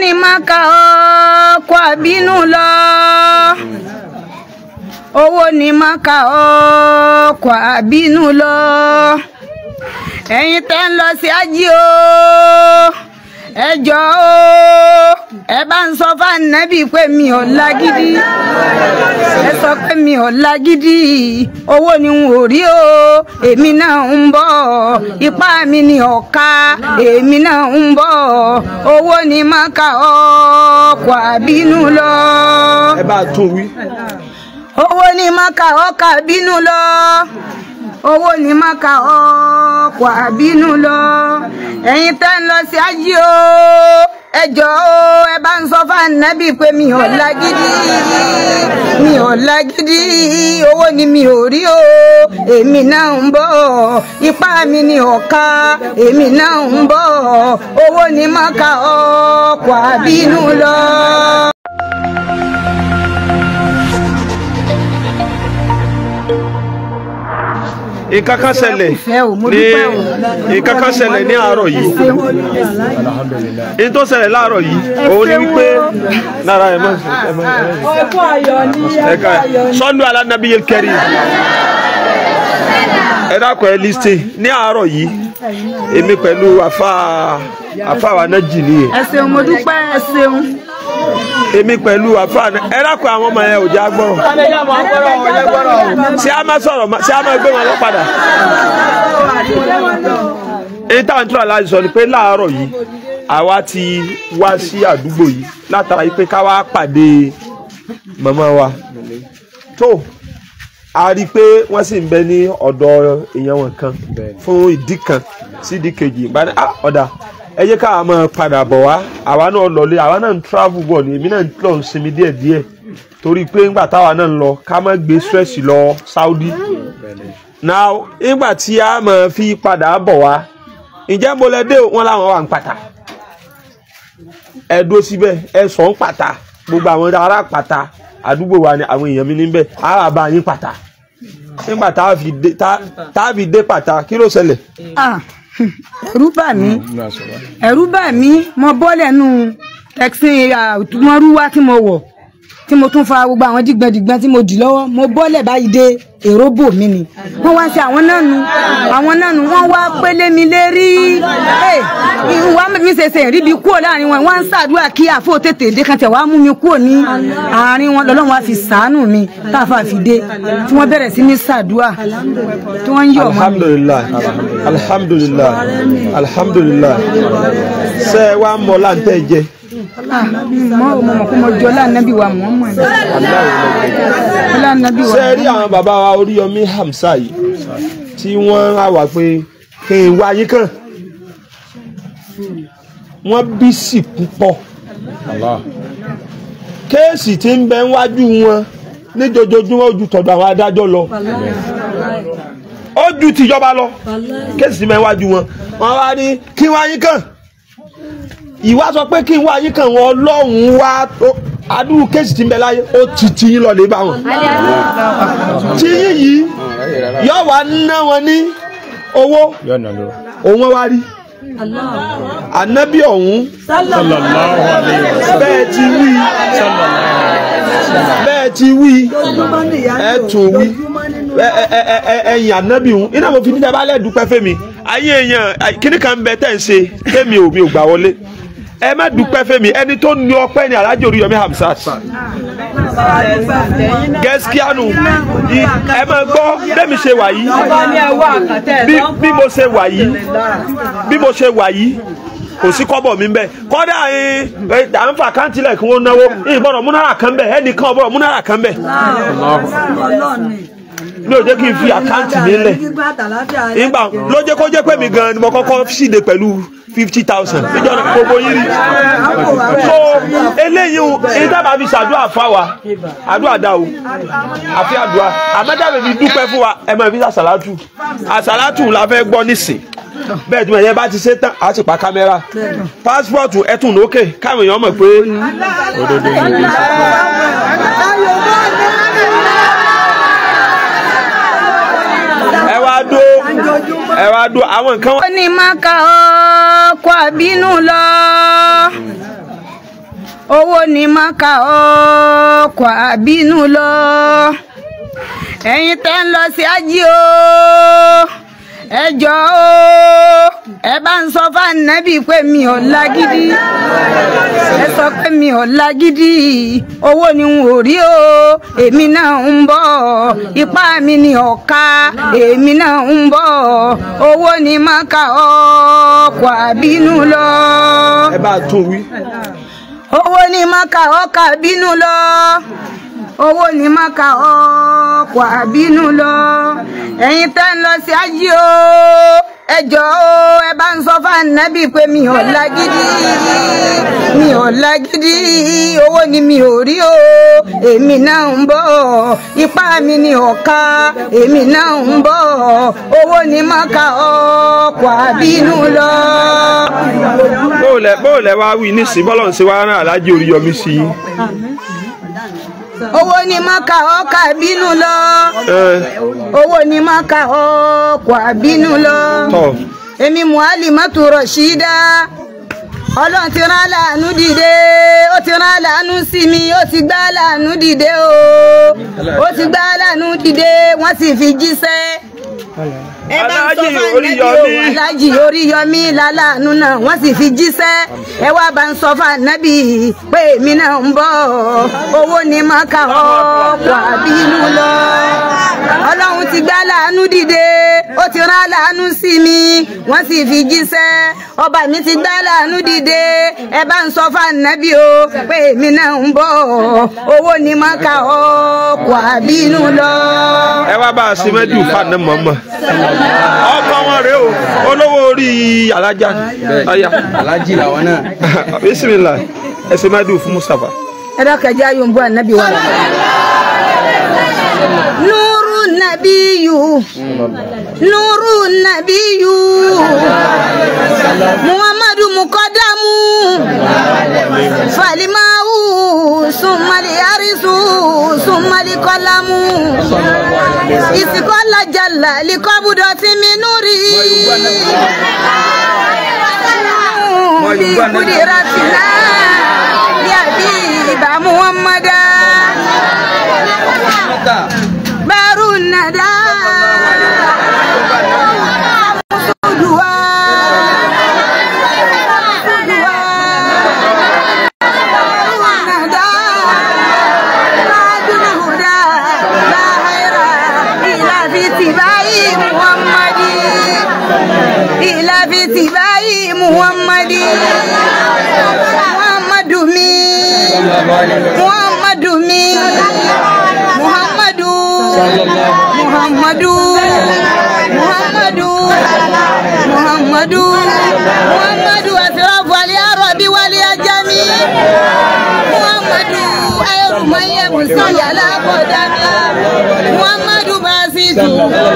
ní maka ọkọ àbínú lọ owó ní maka ọkọ àbínú lọ ẹ̀yin tẹ́ ń lọ sí ájí o ẹ o. ẹ bá ń sọ fáànẹ́bì pé mi ò lágídí ẹ sọ pé mi ò lágídí owó ni n ò rí o èmi náà ń bọ̀ ipá mi ni ọ̀ka èmi náà ń bọ̀ owó ni mọ́ka ọkọ̀ àbínú lọ. ẹ bá a tún wí. owó ni mọ́ka ọkọ̀ àbínú lọ owó ní mọ́ka ọkọ̀ àbínú lọ ẹ̀yin tẹ́ ń lọ sí ájí o. Ejo ẹbá ẹ bá ń sọ fànàbí mi ò lágídí mi ò lágídí owó ni mi ò rí o èmi náà ń bọ̀ mi ni ọ̀ka èmi náà ń bọ̀ ni má ka ọkọ̀ àbínú lọ. nǹkan kan ṣẹlẹ̀ ní nǹkan kan ṣẹlẹ̀ ní àárọ̀ yìí n tó ṣẹlẹ̀ láàárọ̀ yìí òun ni wípé lára ẹ̀ mọ́ ẹ̀kọ́ ayọ̀ ni ẹ̀kọ́ ayọ̀ ni sọ́ndù alánàbíyẹ ẹ dákun ẹ listing ní àárọ̀ yìí èmi pẹ̀lú àfa àfa wa náà jì nìyẹn. ẹ ṣeun mo dúpẹ́ ẹ ṣeun. èmi pẹ̀lú afọ ẹ dákun àwọn ọmọ yẹn ò já si ṣé a máa sọ̀rọ̀ ṣé a máa gbé wọn lọ padà èyí táwọn tí wọn láti ni pé láàárọ̀ yìí àwa ti wá sí àdúgbò yìí látara yìí pé ká wá pàdé wa tó a rí i wọ́n sì ń bẹ ní ọ̀dọ̀ kan fún ìdí kan sídìí ẹ jẹ́ káwa máa padà bọ̀ wá àwa náà lọlé àwa náà ń travel bọ̀ ni èmi náà lọ ń sinmi díẹ̀ díẹ̀ torí pé ńgbà táwa náà ń lọ ká má gbé stress lọ Saudi now ńgbà tí a máa fi padà bọ̀ wá ǹjẹ́ mo lẹ dé wọn láwọn wà ń pàtà ẹ dó síbẹ̀ ẹ sọ̀ ń pàtà gbogbo àwọn ará pàtà àdúgbò wa ni àwọn èèyàn mi níbẹ̀ ara bá yín pàtà nígbà tá a fi dé pàtà kí ló ṣẹlẹ̀. Ah ẹ̀rù bà mí ẹ̀rù bà mí mo bọ́ lẹ́nu tẹ̀sí àtúmọ̀rúwá tí mo wọ̀ tí mo tún fa gbogbo àwọn dìgbọ̀ndìgbọ̀n tí mo dì lọ́wọ́ mo bọ́lẹ̀ báyìí dé èrò bò mí ni wọ́n wá sí àwọn náà nu àwọn náà nu wọ́n wá pélé mi lérí ìwà mi ṣèṣe ìríbi kúrò láàrin wọn wọ́n ń ṣàdúrà kí àfọ tètè dé kan tẹ̀ wá mú mi kúrò ní àárín wọn lọ́lọ́run wá fi sàánù mi táfà fi dé tí wọ́n bẹ̀rẹ̀ sí ní ṣàdúrà tí wọ́n ń yọ̀ mọ́ mi. alhamdulilayi alhamdulilayi alhamdulilayi sẹ́ẹ̀ wá mọ́ láǹtẹ̀ mọ òmò mọ kó mo jọ lánàbí wa mọ mọ ẹ lánàbí wa. ṣé rí àwọn bàbá wa Oríyọmí Hamsa yìí tí wọ́n á wà pé kí n wá yín kàn wọ́n bí sì púpọ̀ kéèsì tí ń bẹ níwájú wọn ní ojú tọ̀dọ̀ àwọn adájọ́ lọ ó tìjọba lọ kéèsì tí ń bẹ níwájú wọn wọ́n wá ní kí wá yín kàn ìwà sọ pé kí n wá yín kàn wọ́n ọlọ́run wá adúrú kéèsì tí ń bẹ láyé ó ti ti yín lọ́lẹ̀ bá wọn. tí yín yìí yọ wá ná wọn ní owó òun wá rí ànábì ọ̀hún bẹ́ẹ̀ ti wí bẹ́ẹ̀ ti wí ẹ̀ tún wí ẹ̀yìn ànábì ọ̀hún iná mo fi ní dábàá lẹ́ẹ̀dúpẹ́ fẹ́mi ayé èèyàn kíní kan bẹ tẹ̀ ń ṣe kémi ò mi ò gbà wọlé ẹ má dúpẹ́ fẹ́mi ẹni tó ní ọpẹ́ ni alájò Oríyọ̀mí Hamzat gẹ́síkíánu ẹ má gbọ́ bẹ́mi ṣe wà yìí bí mo ṣe wà yìí bí mo ṣe wà yìí kò sí kọ́bọ̀ mi bẹ́ẹ̀ kọ́dà à ń fa àkáǹtì lẹ̀ kí wọ́n náwó ìbọ̀rọ̀ múnára kan bẹ́ẹ̀ ẹnìkan ọ̀bọ̀rọ̀ múnára kan bẹ́ẹ̀ ní òjé kí n fi àkáǹtì mi lẹ̀ ìgbà ló jẹ́ kó jẹ́ pé mi gan ni mo kọ́kọ́ ṣìde pẹ̀lú fifty thousand níjọ́ náà gbogbo yín rí so eléyìí èyí dábàá fi ṣàdúrà fún wa àdúrà dá o àfi àdúrà àmọ́jáde fi dúpẹ́ fún wa ẹ máa fi ṣàṣàlátù àṣàlátù la fẹ́ gbọ́ nísìn bẹ́ẹ̀ tí ẹ bá ti ṣe tán á sì pa kámẹ́rà pásítọ̀tù ẹ tún lókè káwọn èèyàn mọ̀ pé òdodo yìí. ẹ wá dó ẹ wá dó àwọn nǹkan. ó ní máa ọ́ kó àbínú lọ owó ni má ka ọ kó àbínú lọ ẹ̀yin tẹ́ ń lọ sí o. ẹ jọ ó ẹ bá ń sọ pé mi ò lágídí ẹ sọ pé mi ò lágídí owó ni n ò rí o èmi náà ń bọ̀ ipá mi ni ọ̀ka èmi náà ń bọ̀ owó ni má ka ọkọ̀ àbínú lọ. ẹ bá a tún wí. owó ni má ka ọkọ̀ àbínú lọ owó ni má ka ọkọ̀. ọkọ̀ àbínú lọ ẹ̀yin tẹ́ ń lọ sí ájí o ẹ jọ̀ọ́ ẹ bá ń sọ fáànàbì pé mi ò lágídí mi ò lágídí owó ni mi ò rí o èmi náà ń bọ̀ ipá mi ni ọ̀ka èmi náà ń bọ̀ owó ni má ka àbínú lọ. bóòlẹ̀ bóòlẹ̀ wá wí nísìnyí bọ́lọ̀ ń ṣe wá rán aláàjì Oríyọmí sí i. owó ni mọ́kà ka bínú lọ owó ni mọ́kà ọkà lọ emi muhali mọ́tò rọ̀ṣídá ọlọ́run ti rán láàánú dìde ó ti rán láàánú mi ti gbá láàánú dide o o ti gbá láàánú dide wọn si fi aláàjì oríyọmí lálàánú náà wọ́n sì fi jíṣẹ́ ẹ wá bá ń sọ pé èmi náà ń owó ni ọ lọ ti gbá láàánú dìde. ó ti rán láàánú sí mi wọ́n sì fi jíṣẹ́ ọba mi ti gbá láàánú dìde ẹ bá ń sọ fànàbí o pé èmi náà ń bọ̀ owó ni mo ka ọkọ̀ àbínú lọ. ẹ wá bá a ṣe mẹ́jù fàánù mọ̀mọ́ ọkọ wọn rèé o olówó orí alájà ọyà alájì làwọn náà. bisimilá ẹ ṣe mẹ́jù fún Mustapha. ẹ dákẹ́ jẹ́ ayọ̀ ń bọ́ ànábì wa. nuru nabiyu muhammadu mukadamu falimawu sumali arisu sumali kọlamu isikola jala likọbudọ timi nuri. بقدرتنا يا حبيب محمدا باتباع محمد محمد مين محمد مين محمد محمد محمد محمد محمد أشرف والعرب والعجمي محمد خير من يمشي على قدمي محمد باسط